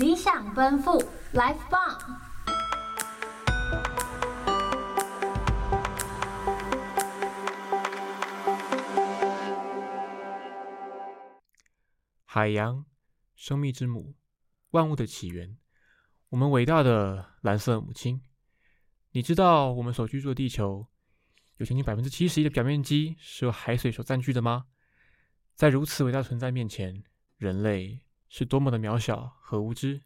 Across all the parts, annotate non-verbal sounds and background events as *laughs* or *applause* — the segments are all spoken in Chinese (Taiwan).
理想奔赴，Life Bomb。海洋，生命之母，萬物的起源，我們偉大的藍色母親。你知道我們所居住的地球，有將近百分之七十一的表面積是由海水所佔據的嗎？在如此偉大的存在面前，人類，是多麼的渺小和無知。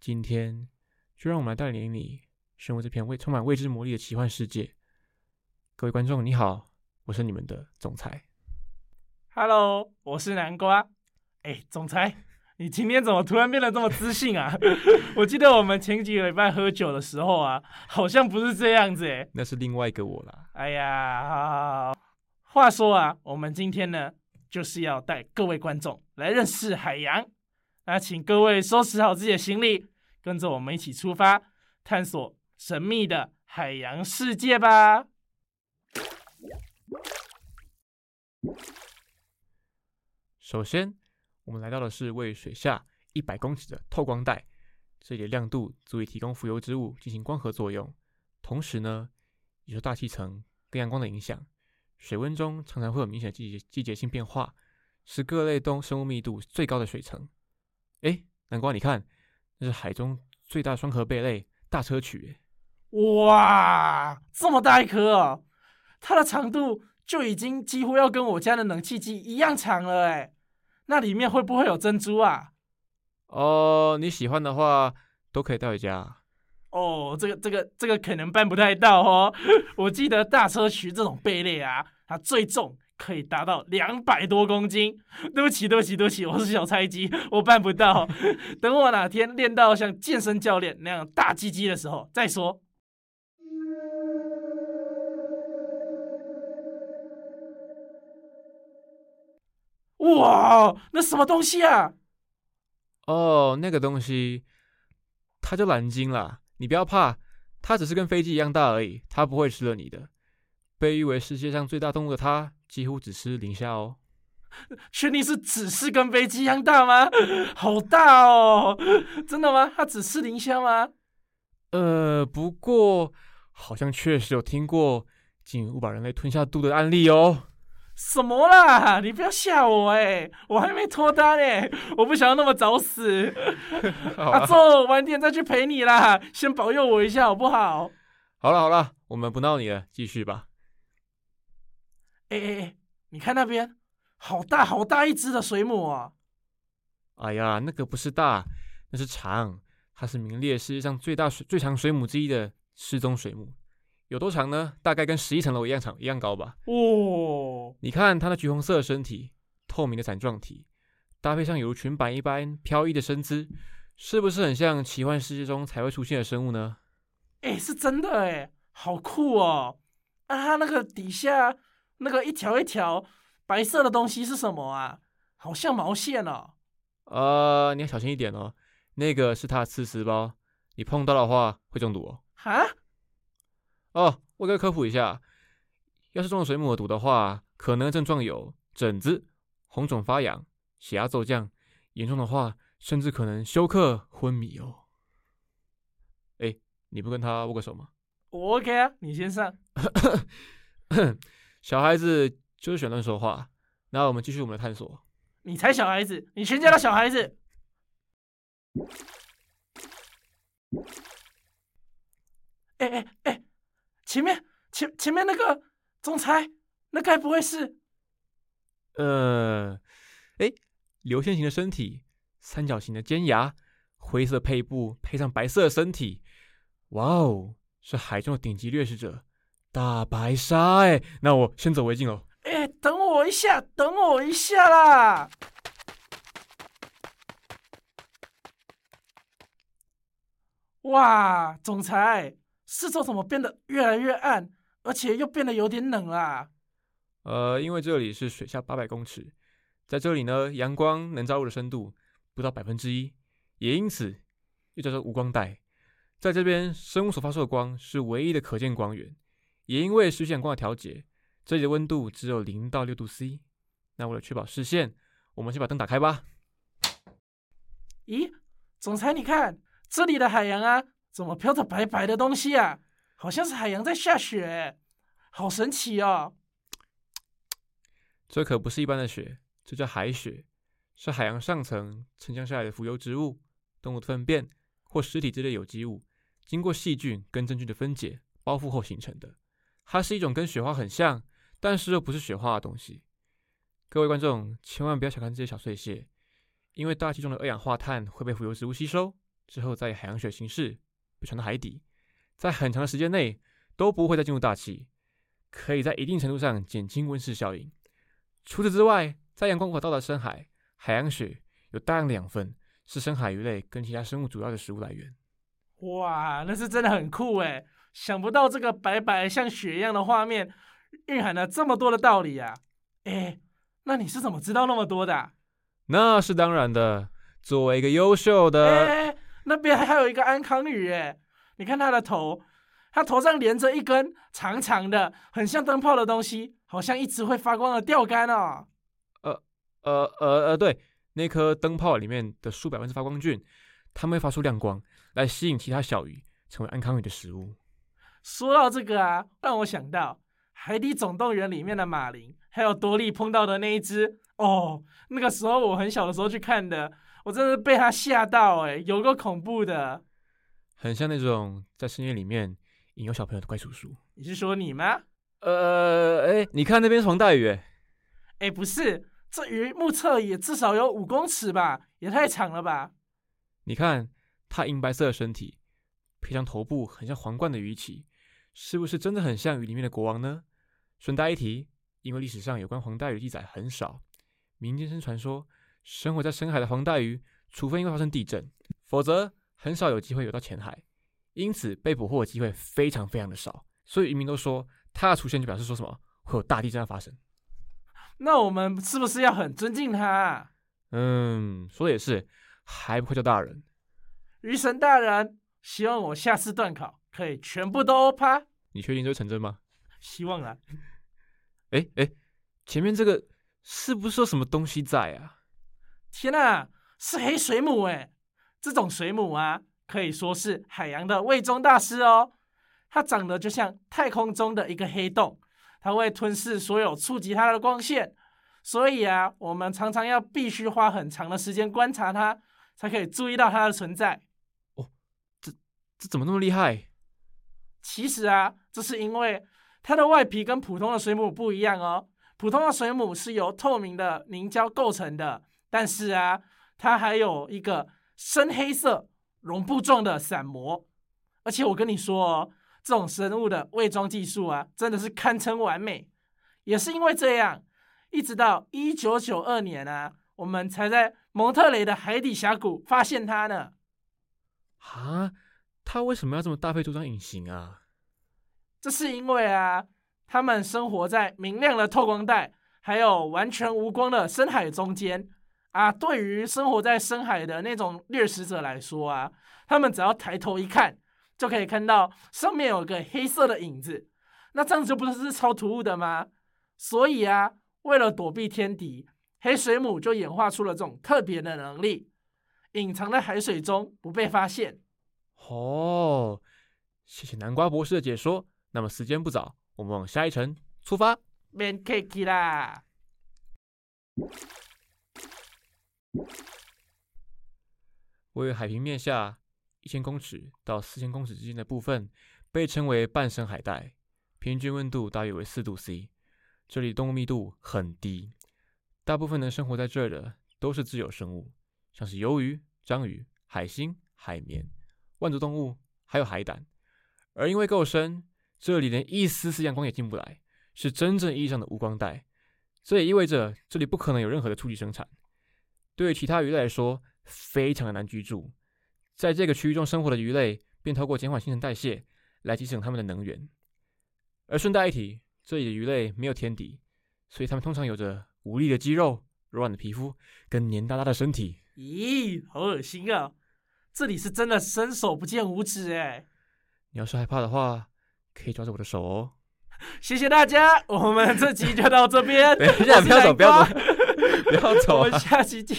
今天，就讓我們來帶領你深入這片充滿未知魔力的奇幻世界。各位觀眾，你好，我是你們的總裁。Hello，我是南瓜。哎、欸，總裁，你今天怎麼突然變得這麼自信啊？ *laughs* *laughs* 我記得我們前幾個禮拜喝酒的時候啊，好像不是這樣子哎、欸。那是另外一個我啦。哎呀，好好好好，話說啊，我們今天呢，就是要帶各位觀眾來認識海洋。那、啊、請各位收拾好自己的行李，跟着我們一起出發，探索神秘的海洋世界吧。首先，我們來到的是位於水下一百公尺的透光帶，這裡的亮度足以提供浮游植物進行光合作用，同時呢，也受大氣層跟陽光的影響。水溫中常常會有明顯的季節季節性變化，是各類動生物密度最高的水層。哎、欸，南瓜，你看，這是海中最大雙殼貝類大硨磲，哇，這麼大一顆哦，它的長度就已經幾乎要跟我家的冷氣機一樣長了誒。那裡面會不會有珍珠啊？哦，你喜歡的話都可以帶回家。哦，這個這個這個可能搬不太到哦。 *laughs* 我記得大硨磲這種貝類啊，它最重。可以達到兩百多公斤。對不起，對不起，對不起，我是小菜雞，我辦不到。 *laughs* 等我哪天練到像健身教練那樣大雞雞的時候再說。哇，那什麼東西啊？哦、oh，那個東西，它叫藍鯨啦。你不要怕，它只是跟飛機一樣大而已，它不會吃了你的。被譽為世界上最大動物的它，幾乎只吃磷蝦哦，確定是只是跟飛機一樣大嗎？ *laughs* 好大哦！ *laughs* 真的嗎？它只吃磷蝦嗎？呃，不過好像確實有聽過鯨魚誤把人類吞下肚的案例哦。什麼啦？你不要嚇我哎、欸！我還沒脫單哎、欸！我不想要那麼早死。阿 *laughs* 晝 *laughs* 啊，晚、啊、點再去陪你啦，先保佑我一下好不好？好了好了，我們不鬧你了，繼續吧。哎哎哎！你看那邊，好大好大一隻的水母啊！哎呀，那個不是大，那是長。它是名列世界上最大水、最長水母之一的獅鬃水母，有多長呢？大概跟十一層樓一樣長，一樣高吧。哦，你看它的橘紅色的身體，透明的傘狀體，搭配上有如裙擺一般飄逸的身姿，是不是很像奇幻世界中才會出現的生物呢？哎，是真的哎，好酷哦！啊，那個底下。那個一條一條白色的東西是什麼啊？好像毛線哦。呃，你要小心一點哦。那個是牠的刺絲胞，你碰到的話會中毒哦。哈？哦，我給你科普一下，要是中了水母的毒的話，可能症狀有疹子、紅腫、發癢、血壓驟降，降，嚴重的話甚至可能休克、昏迷哦。哎，你不跟他握個手嗎？我 OK 啊，你先上。 *coughs* *coughs* 小孩子就是喜歡亂說話。那我們繼續我們的探索。你才小孩子，你全家的小孩子。哎哎哎，前面前前面那個總裁，那該、個、不會是……呃，哎，流線型的身體，三角形的尖牙，灰色的背部配上白色的身體，哇哦，是海中的頂級掠食者。大白鯊，哎，那我先走為敬哦。哎，等我一下，等我一下啦！哇，總裁，四周怎麼變得越來越暗，而且又變得有點冷啦、啊？呃，因為這裡是水下八百公尺，在這裡呢，陽光能照入的深度不到百分之一，也因此又叫做無光帶。在這邊，生物所發出的光是唯一的可見光源。也因為視線光的調節，這裡的溫度只有零到六度 C。那為了確保視線，我們先把燈打開吧。咦，總裁，你看這裡的海洋啊，怎麼飄着白白的東西啊？好像是海洋在下雪，好神奇啊，哦！這可不是一般的雪，這叫海雪，是海洋上層沉降下來的浮游植物、動物糞便或屍體之類的有機物，經過細菌跟真菌的分解，包覆後形成的。它是一種跟雪花很像，但是又不是雪花的東西。各位觀眾，千萬不要小看這些小碎屑，因為大氣中的二氧化碳會被浮游植物吸收，之後再以海洋雪形式被傳到海底，在很長的時間內都不會再進入大氣，可以在一定程度上減輕溫室效應。除此之外，在陽光無法到達深海，海洋雪有大量的養分，是深海魚類跟其他生物主要的食物來源。哇，那是真的很酷哎！想不到這個白白像雪一樣的畫面，蘊含了這麼多的道理啊。哎，那你是怎麼知道那麼多的啊？那是當然的，作為一個優秀的……哎，那邊還有一個安康魚，哎，你看它的頭，它頭上連着一根長長的、很像燈泡的東西，好像一支會發光的釣竿啊，哦！呃呃呃呃，對，那顆燈泡裡面的數百萬只發光菌，它們會發出亮光來吸引其他小魚，成為安康魚的食物。說到這個啊，讓我想到《海底總動員》裡面的馬林，還有多莉碰到的那一隻哦。那個時候我很小的時候去看的，我真的是被它嚇到誒，有夠恐怖的！很像那種在深淵裡面引誘小朋友的怪叔叔。你是說你嗎？呃，哎，你看那邊是皇帶魚，哎，不是，這魚目測也至少有五公尺吧，也太長了吧？你看它銀白色的身體，配上頭部很像皇冠的魚鰭。是不是真的很像魚裡面的國王呢？順帶一提，因為歷史上有關黃帶魚的記載很少，民間生傳說生活在深海的黃帶魚，除非因為發生地震，否則很少有機會游到淺海，因此被捕獲的機會非常非常的少。所以漁民都說，它的出現就表示說什麼會有大地震的發生。那我們是不是要很尊敬他？嗯，說的也是，還不快叫大人，魚神大人，希望我下次段考。可以全部都趴，你確定會成真嗎？希望啊。哎哎，前面這個是不是有什麼東西在啊？天吶、啊，是黑水母哎！這種水母啊，可以說是海洋的偽裝大師哦。它長得就像太空中的一個黑洞，它會吞噬所有觸及它的光線，所以啊，我們常常要必須花很長的時間觀察它，才可以注意到它的存在。哦，這這怎麼那麼厲害？其實啊，這是因為它的外皮跟普通的水母不一樣哦。普通的水母是由透明的凝膠構成的，但是啊，它還有一個深黑色絨布狀的傘膜。而且我跟你說哦，這種生物的偽裝技術啊，真的是堪稱完美。也是因為這樣，一直到一九九二年啊，我們才在蒙特雷的海底峽谷發現它呢。蛤？他為什麼要這麼搭配這張隱形啊？這是因為啊，他們生活在明亮的透光帶，還有完全無光的深海中間啊。對於生活在深海的那種掠食者來說啊，他們只要抬頭一看，就可以看到上面有個黑色的影子。那這樣子不是超突兀的嗎？所以啊，為了躲避天敵，黑水母就演化出了這種特別的能力，隱藏在海水中不被發現。哦，謝謝南瓜博士的解說。那麼時間不早，我們往下一層出發。免客氣啦。位於海平面下一千公尺到四千公尺之間的部分被稱為半深海帶，平均溫度大約為四度 C。這裡動物密度很低，大部分能生活在這兒的都是自由生物，像是魷魚、章魚、海星、海綿。萬足動物，還有海膽，而因為夠深，這裡連一絲絲陽光也進不來，是真正意義上的無光帶。這也意味着這裡不可能有任何的初級生產，對於其他魚類來說，非常的難居住。在這個區域中生活的魚類，便透過減緩新陳代謝來提升他們的能源。而順帶一提，這裡的魚類沒有天敵，所以它們通常有着無力的肌肉、柔軟的皮膚跟黏噠噠的身體。咦，好噁心啊！這裡是真的伸手不見五指哎！你要是害怕的話，可以抓着我的手哦。謝謝大家，我們這集就到這邊。 *laughs* 等一下不要走，不要走，不要走，啊， *laughs* 我們下期見。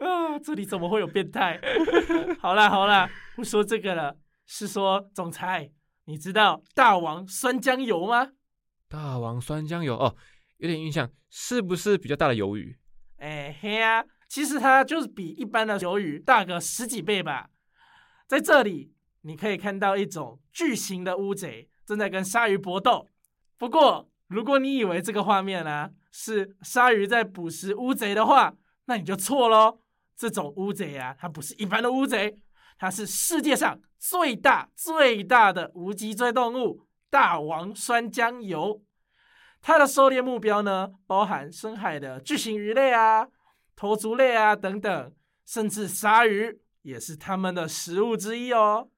啊， *laughs* 哦，這裡怎麼會有變態？ *laughs* 好啦好啦，不說這個了，是說總裁，你知道大王酸漿魷嗎？大王酸漿魷哦，有點印象，是不是比較大的魷魚？欸嘿呀，其實它就是比一般的魷魚大個十幾倍吧。在這裡，你可以看到一種巨型的烏賊正在跟鯊魚搏鬥。不過，如果你以為這個畫面呢，是鯊魚在捕食烏賊的話，那你就錯嘍。這種烏賊啊，它不是一般的烏賊，它是世界上最大最大的無脊椎動物——大王酸漿魷。它的狩獵目標呢，包含深海的巨型魚類啊、頭足類啊等等，甚至鯊魚也是它們的食物之一哦。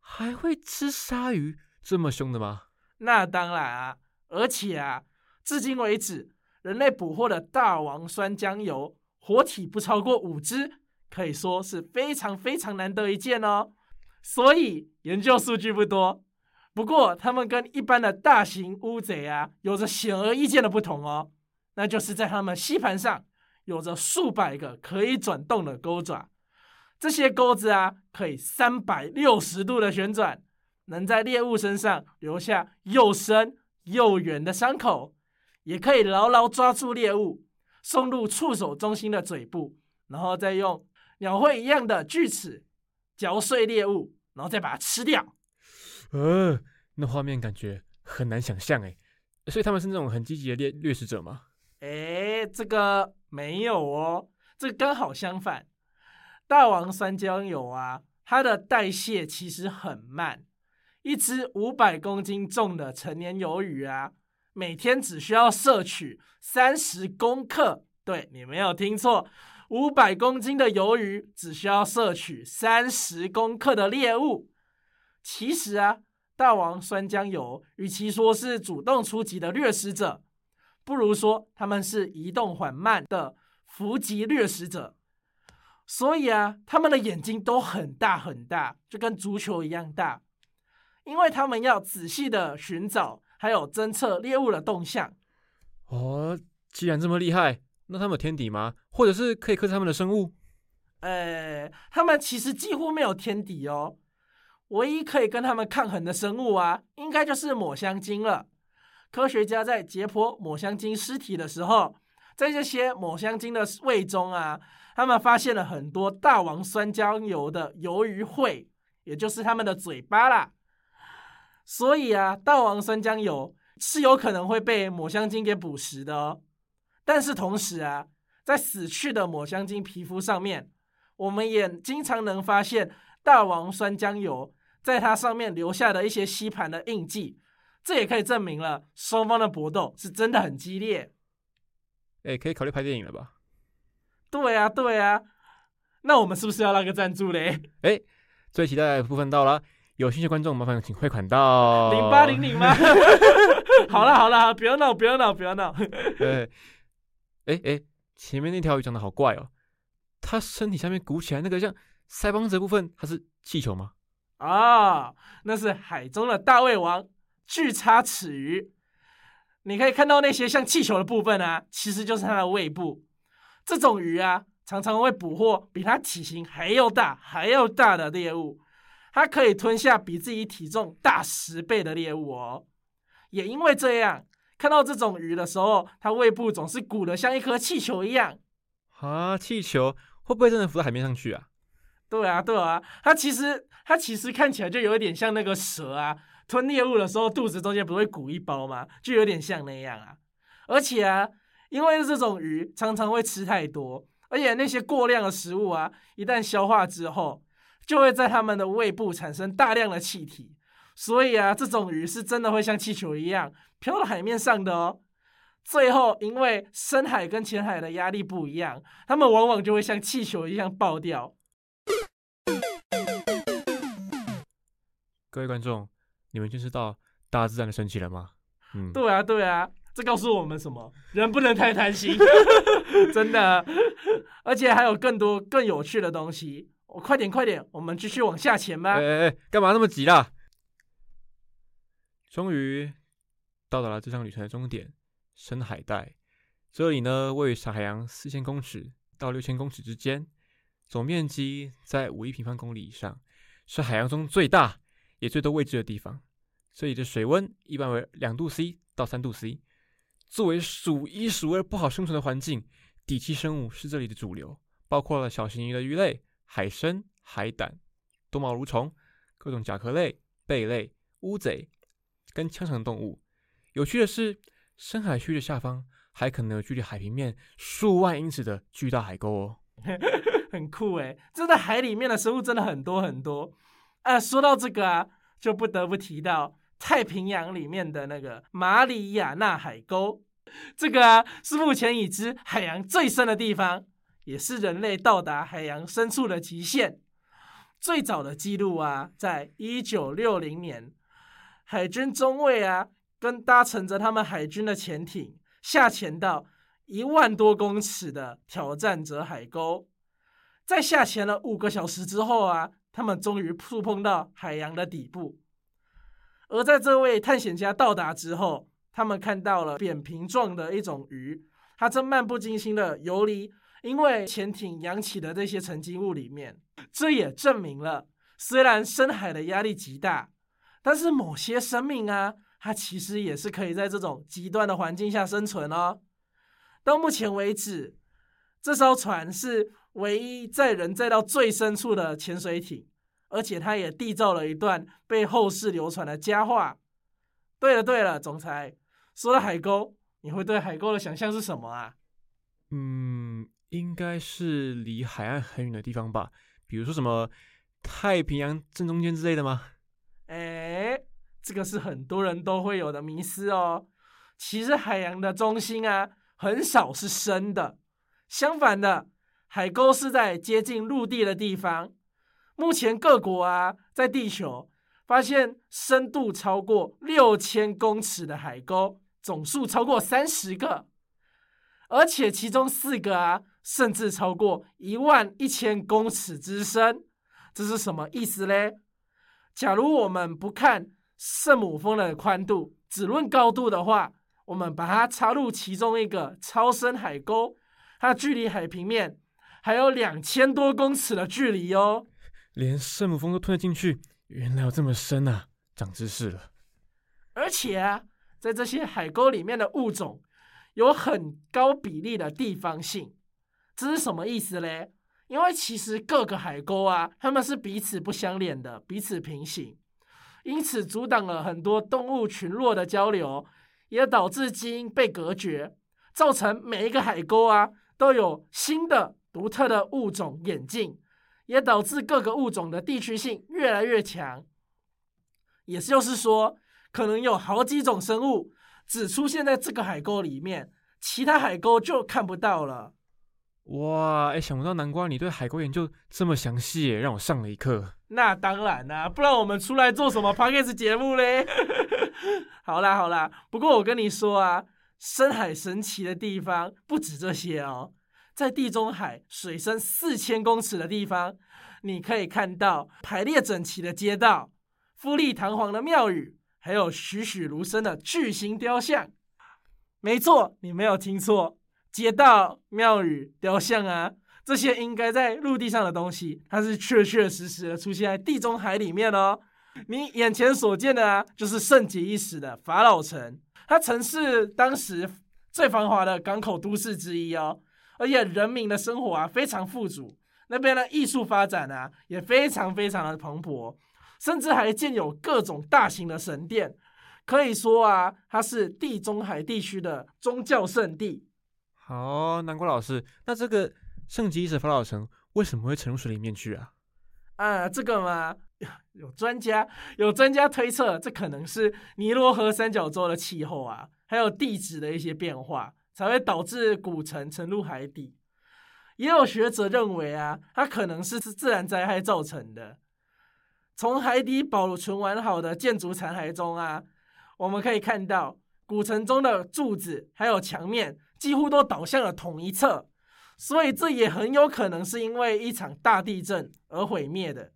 還會吃鯊魚？這麼凶的嗎？那當然啊！而且啊，至今為止，人類捕獲的大王酸漿魷活體不超過五隻，可以說是非常非常難得一見哦。所以研究數據不多。不過，它們跟一般的大型烏賊啊有着顯而易見的不同哦，那就是在它們吸盤上有着數百個可以轉動的鈎爪，這些鈎子啊可以三百六十度的旋轉，能在獵物身上留下又深又圓的傷口，也可以牢牢抓住獵物，送入觸手中心的嘴部，然後再用鳥喙一樣的鋸齒嚼碎獵物，然後再把它吃掉。呃、哦，那畫面感覺很難想象誒，所以他們是那種很積極的獵掠食者嗎？誒、欸，這個沒有哦，這剛、個、好相反。大王酸漿魷啊，它的代謝其實很慢，一隻五百公斤重的成年魷魚啊，每天只需要攝取三十公克。對，你沒有聽錯，五百公斤的魷魚只需要攝取三十公克的獵物。其實啊，大王酸漿魷與其說是主動出擊的掠食者，不如說他們是移動緩慢的伏擊掠食者。所以啊，他們的眼睛都很大很大，就跟足球一樣大，因為他們要仔細的尋找還有偵測獵物的動向。哦，既然這麼厲害，那他們有天敵嗎？或者是可以克制他們的生物？呃、哎，他們其實幾乎沒有天敵哦。唯一可以跟他們抗衡的生物啊，應該就是抹香鯨了。科學家在解剖抹香鯨屍體的時候，在這些抹香鯨的胃中啊，他們發現了很多大王酸漿魷的魷魚喙，也就是他們的嘴巴啦。所以啊，大王酸漿魷是有可能會被抹香鯨給捕食的哦。但是同時啊，在死去的抹香鯨皮膚上面，我們也經常能發現。大王酸漿油在它上面留下的一些吸盤的印記，這也可以證明了雙方的搏鬥是真的很激烈。誒，可以考慮拍電影了吧？對呀、啊，對呀、啊。那我們是不是要拉個贊助嘞？最期待的部分到了，有興趣觀眾麻煩請匯款到零八零零嗎 *laughs* *laughs* 好？好了好了，不要鬧不要鬧不要鬧。哎哎， *laughs* 前面那條魚長得好怪哦，它身體下面鼓起來那個像。腮幫子部分，它是氣球嗎？啊、oh，那是海中的大胃王巨叉齒魚。你可以看到那些像氣球的部分啊，其實就是它的胃部。這種魚啊，常常會捕獲比它體型還要大，還要大的獵物。它可以吞下比自己體重大十倍的獵物哦。也因為這樣，看到這種魚的時候，它胃部總是鼓得像一顆氣球一樣。啊，氣球會不會真的浮到海面上去啊？對啊，對啊，它其實它其實看起來就有點像那個蛇啊，吞獵物的時候肚子中間不會鼓一包嗎？就有點像那樣啊。而且啊，因為這種魚常常會吃太多，而且那些過量的食物啊，一旦消化之後，就會在它們的胃部產生大量的氣體。所以啊，這種魚是真的會像氣球一樣飄到海面上的哦。最後，因為深海跟淺海的壓力不一樣，它們往往就會像氣球一樣爆掉。各位觀眾，你們見識到大自然的神奇了嗎？嗯，對啊，對啊，這告訴我們什麼？人不能太貪心， *laughs* *laughs* 真的。而且還有更多更有趣的東西。我快點，快點，我們繼續往下潛吧。哎哎,哎，幹嘛那麼急啦？終於到達了這場旅程的終點——深海帶。這裡呢，位於小海洋四千公尺到六千公尺之間，總面積在五億平方公里以上，是海洋中最大。也最多未知的地方，所以這裡的水溫一般為兩度 C 到三度 C，作為數一數二不好生存的環境，底棲生物是這裡的主流，包括了小型魚的魚類、海參、海膽、多毛蠕蟲、各種甲殼類、貝類、烏賊跟腔腸動物。有趣的是，深海區域的下方還可能有距離海平面數萬英尺的巨大海溝哦， *laughs* 很酷誒，這在海裡面的生物真的很多很多。啊、呃，說到這個啊，就不得不提到太平洋裡面的那個馬里亞納海溝，這個啊是目前已知海洋最深的地方，也是人類到達海洋深處的極限。最早的記錄啊，在一九六零年，海軍中尉啊，跟搭乘着他們海軍的潛艇下潛到一萬多公尺的挑戰者海溝，在下潛了五個小時之後啊。他們終於觸碰到海洋的底部，而在這位探險家到達之後，他們看到了扁平狀的一種魚，它正漫不經心的游離，因為潛艇揚起的這些沉積物裡面。這也證明了，雖然深海的壓力極大，但是某些生命啊，它其實也是可以在這種極端的環境下生存哦。到目前為止，這艘船是。唯一載人載到最深處的潛水艇，而且它也締造了一段被後世流傳的佳話。對了對了，總裁，說到海溝，你會對海溝的想象是什麼啊？嗯，應該是離海岸很遠的地方吧，比如說什麼太平洋正中間之類的嗎？哎、欸，這個是很多人都會有的迷思哦。其實海洋的中心啊，很少是深的，相反的。海溝是在接近陸地的地方。目前各國啊，在地球發現深度超過六千公尺的海溝，總數超過三十個，而且其中四個啊，甚至超過一萬一千公尺之深。這是什麼意思呢？假如我們不看聖母峰的寬度，只論高度的話，我們把它插入其中一個超深海溝，它距離海平面。還有兩千多公尺的距離哦，連聖母峰都吞得進去，原來有這麼深吶、啊！長知識了。而且啊，在這些海溝裡面的物種，有很高比例的地方性，這是什麼意思嘞？因為其實各個海溝啊，他們是彼此不相連的，彼此平行，因此阻擋了很多動物群落的交流，也導致基因被隔絕，造成每一個海溝啊都有新的。獨特的物種演進，也導致各個物種的地區性越來越強。也就是說，可能有好幾種生物只出現在這個海溝裡面，其他海溝就看不到了。哇，哎、欸，想不到南瓜，你對海溝研究這麼詳細，讓我上了一課。那當然啦、啊，不然我們出來做什麼 podcast *laughs* 節目嘞咧？ *laughs* 好啦好啦，不過我跟你說啊，深海神奇的地方不止這些哦。在地中海水深四千公尺的地方，你可以看到排列整齊的街道、富麗堂皇的廟宇，還有栩栩如生的巨型雕像。沒錯，你沒有聽錯，街道、廟宇、雕像啊，這些應該在陸地上的東西，它是確確實實的出現在地中海裡面哦。你眼前所見的啊，就是盛極一時的法老城，它曾是當時最繁華的港口都市之一哦。而且人民的生活啊非常富足，那邊的藝術發展啊也非常非常的蓬勃，甚至還建有各種大型的神殿，可以說啊，它是地中海地區的宗教聖地。好哦，南瓜老師，那這個聖吉斯法老城為什麼會沉入水裡面去啊？啊，這個嗎？有專家有專家推測，這可能是尼羅河三角洲的氣候啊，還有地質的一些變化。才會導致古城沉入海底。也有學者認為啊，它可能是自然災害造成的。從海底保存完好的建築殘骸中啊，我們可以看到古城中的柱子還有牆面幾乎都倒向了同一側，所以這也很有可能是因為一場大地震而毀滅的。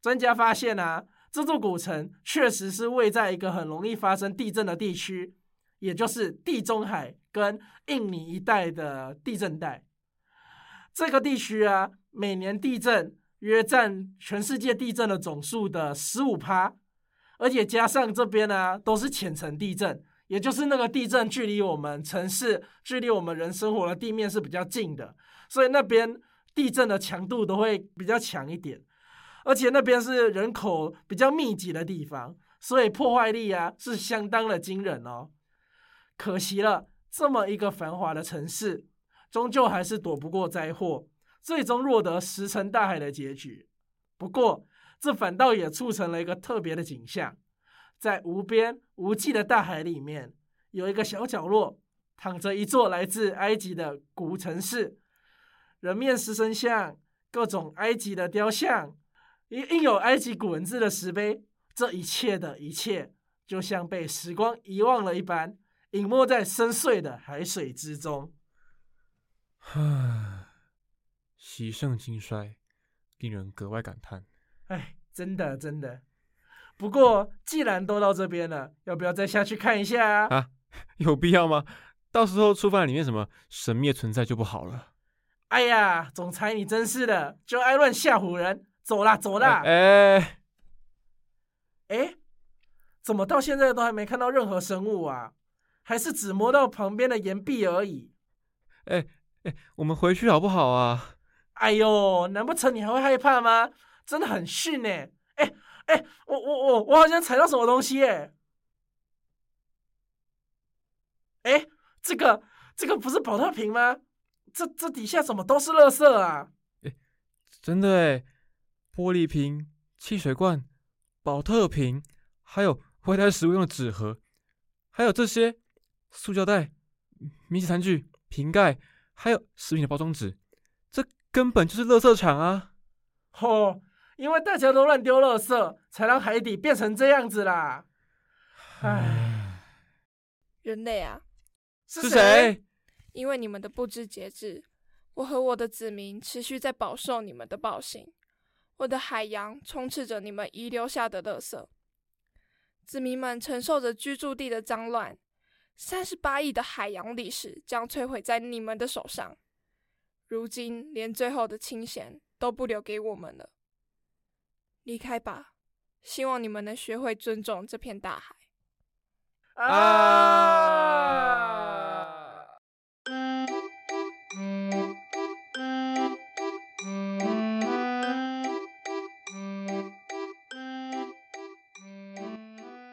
專家發現啊，這座古城確實是位在一個很容易發生地震的地區，也就是地中海。跟印尼一帶的地震帶，這個地區啊，每年地震約佔全世界地震的總數的十五趴，而且加上這邊呢、啊，都是淺層地震，也就是那個地震距離我們城市，距離我們人生活的地面是比較近的，所以那邊地震的強度都會比較強一點，而且那邊是人口比較密集的地方，所以破壞力啊是相當的驚人哦，可惜了。這麼一個繁華的城市，終究還是躲不過災禍，最終落得石沉大海的結局。不過，這反倒也促成了一個特別的景象：在無邊無際的大海裡面，有一個小角落，躺着一座來自埃及的古城市，人面獅身像，各種埃及的雕像，一印有埃及古文字的石碑。這一切的一切，就像被時光遺忘了一般。隱沒在深邃的海水之中，唉，昔盛今衰，令人格外感嘆。唉，真的真的。不過既然都到這邊了，要不要再下去看一下啊？有必要嗎？到時候觸犯裡面什麼神秘存在就不好了。哎呀，總裁你真是的，就愛亂嚇唬人。走啦走啦。哎，哎，怎麼到現在都還沒看到任何生物啊？還是只摸到旁邊的岩壁而已。哎、欸、哎、欸，我們回去好不好啊？哎呦，難不成你還會害怕嗎？真的很遜呢、欸。哎、欸、哎、欸，我我我我好像踩到什麼東西哎、欸！哎、欸，這個這個不是寶特瓶嗎？這這底下怎麼都是垃圾啊？哎、欸，真的哎、欸，玻璃瓶、汽水罐、寶特瓶，還有外帶食物用的紙盒，還有這些。塑膠袋、免洗餐具、瓶蓋，還有食品的包裝紙，這根本就是垃圾場啊！吼、哦，因為大家都亂丟垃圾，才讓海底變成這樣子啦！唉，人類啊，是誰？是誰因為你們的不知節制，我和我的子民持續在飽受你們的暴行。我的海洋充斥着你們遺留下的垃圾，子民們承受着居住地的髒亂。三十八億的海洋歷史將摧毀在你們的手上，如今連最後的清閒都不留給我們了。離開吧，希望你們能學會尊重這片大海。啊！啊嗯嗯嗯嗯嗯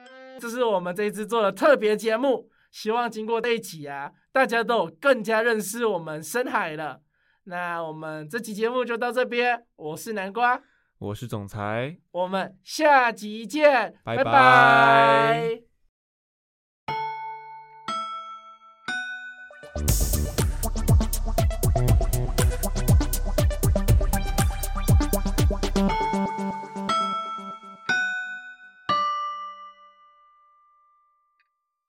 嗯、這是我們這一次做的特別節目。希望經過這一集啊，大家都更加認識我們深海了。那我們這期節目就到這邊，我是南瓜，我是總裁，我們下集見，拜拜。拜拜。